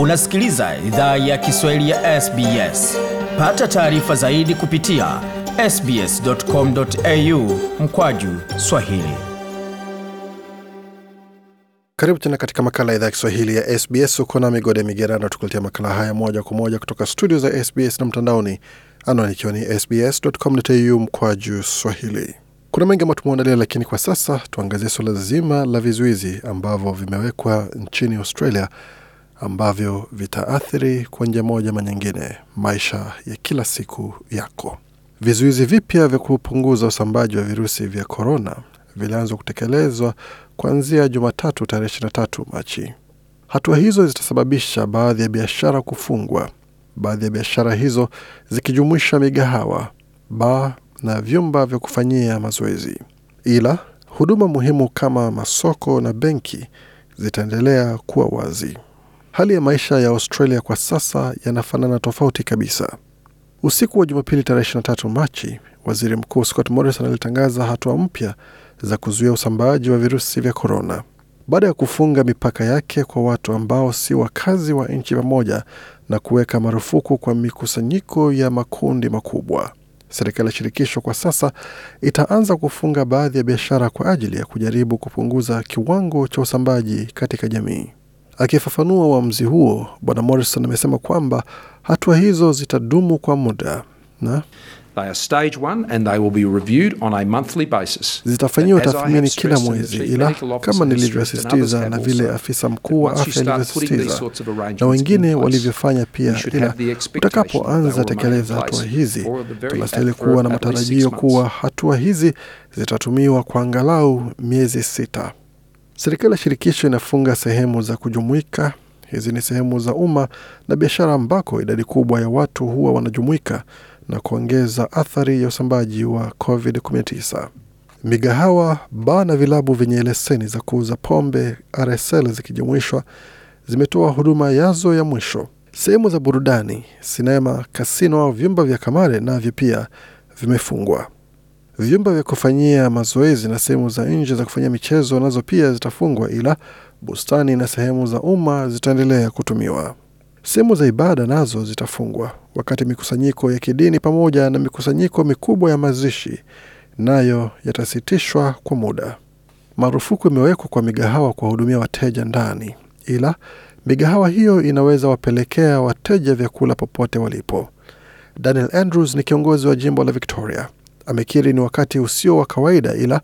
Unasikiliza idhaa ya Kiswahili ya SBS. Pata taarifa zaidi kupitia sbs.com.au mkwaju swahili. Karibu tena katika makala ya idhaa ya Kiswahili ya SBS. Uko na Migode Migerano tukuletea makala haya moja kwa moja kutoka studio za SBS na mtandaoni, anwani ikiwa ni sbs.com.au mkwaju swahili. Kuna mengi ambayo tumeandalia, lakini kwa sasa tuangazie suala zima la vizuizi ambavyo vimewekwa nchini Australia ambavyo vitaathiri kwa njia moja ama nyingine maisha ya kila siku yako. Vizuizi vipya vya kupunguza usambaji wa virusi vya korona vilianza kutekelezwa kuanzia Jumatatu tarehe 23 Machi. Hatua hizo zitasababisha baadhi ya biashara kufungwa, baadhi ya biashara hizo zikijumuisha migahawa, baa na vyumba vya kufanyia mazoezi, ila huduma muhimu kama masoko na benki zitaendelea kuwa wazi hali ya maisha ya Australia kwa sasa yanafanana tofauti kabisa. Usiku wa Jumapili tarehe 23 Machi, waziri mkuu Scott Morrison alitangaza hatua mpya za kuzuia usambaaji wa virusi vya korona baada ya kufunga mipaka yake kwa watu ambao si wakazi wa nchi pamoja na kuweka marufuku kwa mikusanyiko ya makundi makubwa. Serikali ya shirikisho kwa sasa itaanza kufunga baadhi ya biashara kwa ajili ya kujaribu kupunguza kiwango cha usambaji katika jamii. Akifafanua uamuzi huo, Bwana Morrison amesema kwamba hatua hizo zitadumu kwa muda na zitafanyiwa tathmini kila mwezi, ila kama nilivyosisitiza na vile afisa mkuu wa afya alivyosisitiza na wengine walivyofanya pia, ila utakapoanza tekeleza hatua hizi, tunastahili kuwa na matarajio kuwa hatua hizi zitatumiwa kwa angalau miezi sita. Serikali ya shirikisho inafunga sehemu za kujumuika. Hizi ni sehemu za umma na biashara ambako idadi kubwa ya watu huwa wanajumuika na kuongeza athari ya usambaji wa COVID-19. Migahawa, baa na vilabu vyenye leseni za kuuza pombe RSL zikijumuishwa zimetoa huduma yazo ya mwisho. Sehemu za burudani, sinema, kasino au vyumba vya kamare navyo pia vimefungwa. Vyumba vya kufanyia mazoezi na sehemu za nje za kufanyia michezo nazo pia zitafungwa, ila bustani na sehemu za umma zitaendelea kutumiwa. Sehemu za ibada nazo zitafungwa, wakati mikusanyiko ya kidini pamoja na mikusanyiko mikubwa ya mazishi nayo yatasitishwa kwa muda. Marufuku imewekwa kwa migahawa kuwahudumia wateja ndani, ila migahawa hiyo inaweza wapelekea wateja vyakula popote walipo. Daniel Andrews ni kiongozi wa jimbo la Victoria amekiri ni wakati usio wa kawaida, ila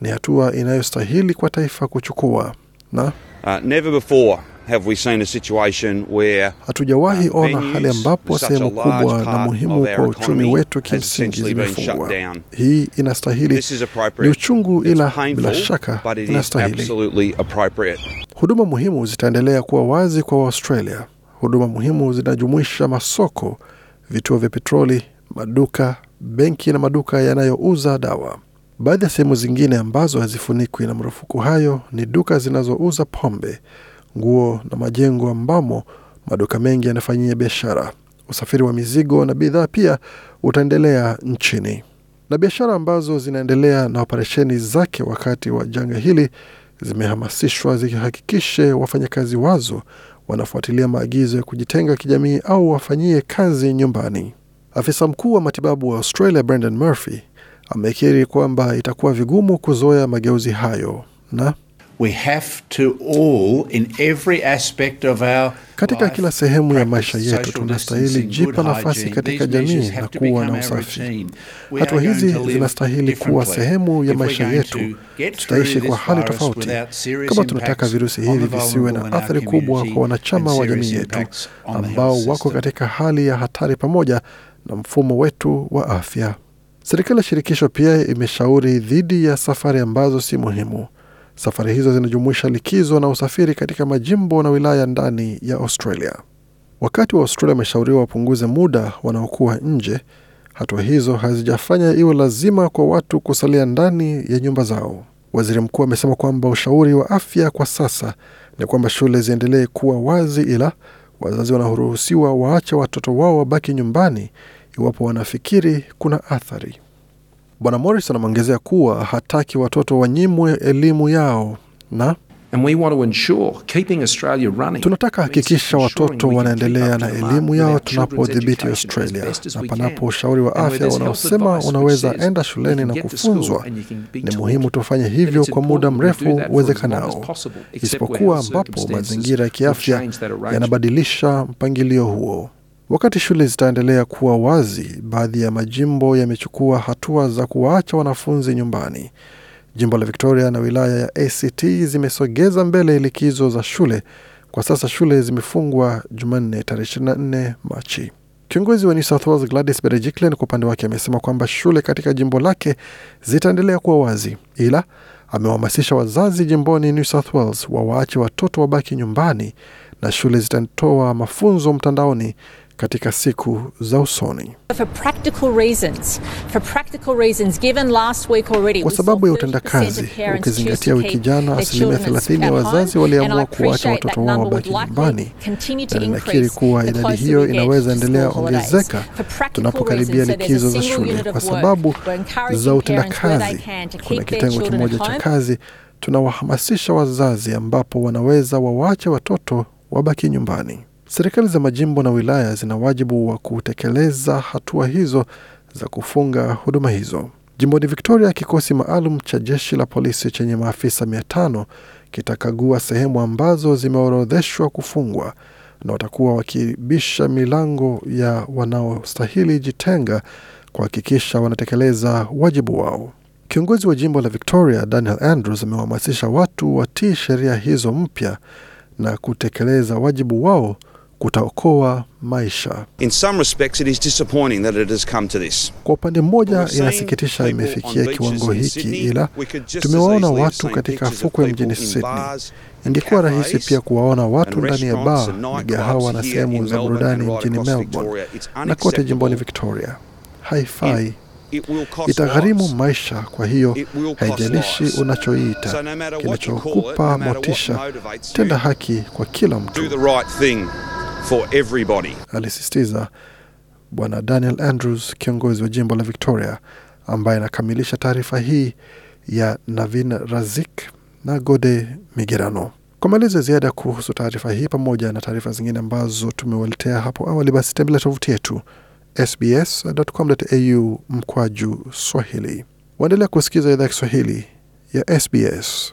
ni hatua inayostahili kwa taifa kuchukua na uh, never before have we seen a situation where uh, hatujawahi ona hali ambapo sehemu kubwa na muhimu kwa uchumi wetu kimsingi zimefungwa. Hii inastahili, ni uchungu, ila bila shaka inastahili. Huduma muhimu zitaendelea kuwa wazi kwa Waustralia. Huduma muhimu zinajumuisha masoko, vituo vya petroli, maduka benki na maduka yanayouza dawa. Baadhi ya sehemu zingine ambazo hazifunikwi na marufuku hayo ni duka zinazouza pombe, nguo na majengo ambamo maduka mengi yanafanyia biashara. Usafiri wa mizigo na bidhaa pia utaendelea nchini, na biashara ambazo zinaendelea na operesheni zake wakati wa janga hili zimehamasishwa zikihakikishe wafanyakazi wazo wanafuatilia maagizo ya kujitenga kijamii au wafanyie kazi nyumbani. Afisa mkuu wa matibabu wa Australia Brendan Murphy amekiri kwamba itakuwa vigumu kuzoea mageuzi hayo na We have to all, in every aspect of our katika kila sehemu ya maisha yetu tunastahili jipa nafasi katika jamii na kuwa na usafi. Hatua hizi zinastahili kuwa sehemu ya maisha yetu. Tutaishi kwa hali tofauti kama tunataka virusi hivi visiwe na athari kubwa kwa wanachama wa jamii yetu ambao wako katika hali ya hatari, pamoja na mfumo wetu wa afya. Serikali ya shirikisho pia imeshauri dhidi ya safari ambazo si muhimu. Safari hizo zinajumuisha likizo na usafiri katika majimbo na wilaya ndani ya Australia. Wakati wa Australia wameshauriwa wapunguze muda wanaokuwa nje, hatua hizo hazijafanya iwe lazima kwa watu kusalia ndani ya nyumba zao. Waziri mkuu amesema kwamba ushauri wa afya kwa sasa ni kwamba shule ziendelee kuwa wazi, ila wazazi wanaruhusiwa waache watoto wao wabaki nyumbani iwapo wanafikiri kuna athari. Bwana Morrison ameongezea kuwa hataki watoto wanyimwe elimu yao na And we want to ensure keeping Australia running. Tunataka hakikisha watoto wanaendelea na elimu yao tunapodhibiti Australia na panapo ushauri wa afya unaosema unaweza enda shuleni na kufunzwa. Ni muhimu tufanye hivyo kwa muda mrefu uwezekanao, isipokuwa ambapo mazingira ya kiafya yanabadilisha mpangilio huo. Wakati shule zitaendelea kuwa wazi, baadhi ya majimbo yamechukua hatua za kuwaacha wanafunzi nyumbani. Jimbo la Victoria na wilaya ya ACT zimesogeza mbele likizo za shule. Kwa sasa shule zimefungwa Jumanne tarehe 24 Machi. Kiongozi wa New South Wales Gladys Berejiklian kwa upande wake amesema kwamba shule katika jimbo lake zitaendelea kuwa wazi, ila amewahamasisha wazazi jimboni New South Wales wawaache watoto wabaki nyumbani na shule zitatoa mafunzo mtandaoni katika siku za usoni. Kwa sababu ya utendakazi, ukizingatia wiki jana, asilimia 30 ya wazazi waliamua kuwacha watoto wao wabaki nyumbani, na ninakiri kuwa idadi hiyo inaweza endelea ongezeka tunapokaribia likizo za shule. Kwa sababu za utendakazi, kuna kitengo kimoja cha kazi tunawahamasisha wazazi ambapo wanaweza wawache watoto wabaki nyumbani. Serikali za majimbo na wilaya zina wajibu wa kutekeleza hatua hizo za kufunga huduma hizo. Jimboni Victoria, kikosi maalum cha jeshi la polisi chenye maafisa mia tano kitakagua sehemu ambazo zimeorodheshwa kufungwa na watakuwa wakibisha milango ya wanaostahili jitenga kuhakikisha wanatekeleza wajibu wao. Kiongozi wa jimbo la Victoria Daniel Andrews amewahamasisha watu watii sheria hizo mpya na kutekeleza wajibu wao kutaokoa maisha. In some respects it is disappointing that it has come to this. Kwa upande mmoja inasikitisha imefikia kiwango hiki, ila tumewaona watu katika fukwe mjini Sydney. Ingekuwa rahisi pia kuwaona watu ndani ya baa, migahawa na sehemu za burudani mjini Melbourne na kote jimboni Victoria. Haifai, itagharimu maisha. Kwa hiyo haijalishi unachoiita so no kinachokupa motisha, tenda haki kwa kila mtu for everybody. Alisisitiza Bwana Daniel Andrews, kiongozi wa jimbo la Victoria, ambaye anakamilisha taarifa hii ya Navin Razik na Gode Migerano. Kwa maelezo ya ziada kuhusu taarifa hii pamoja na taarifa zingine ambazo tumewaletea hapo awali, basi tembelea tovuti yetu sbs.com.au mkwaju Swahili. Waendelea kusikiza idhaa ya Kiswahili ya SBS.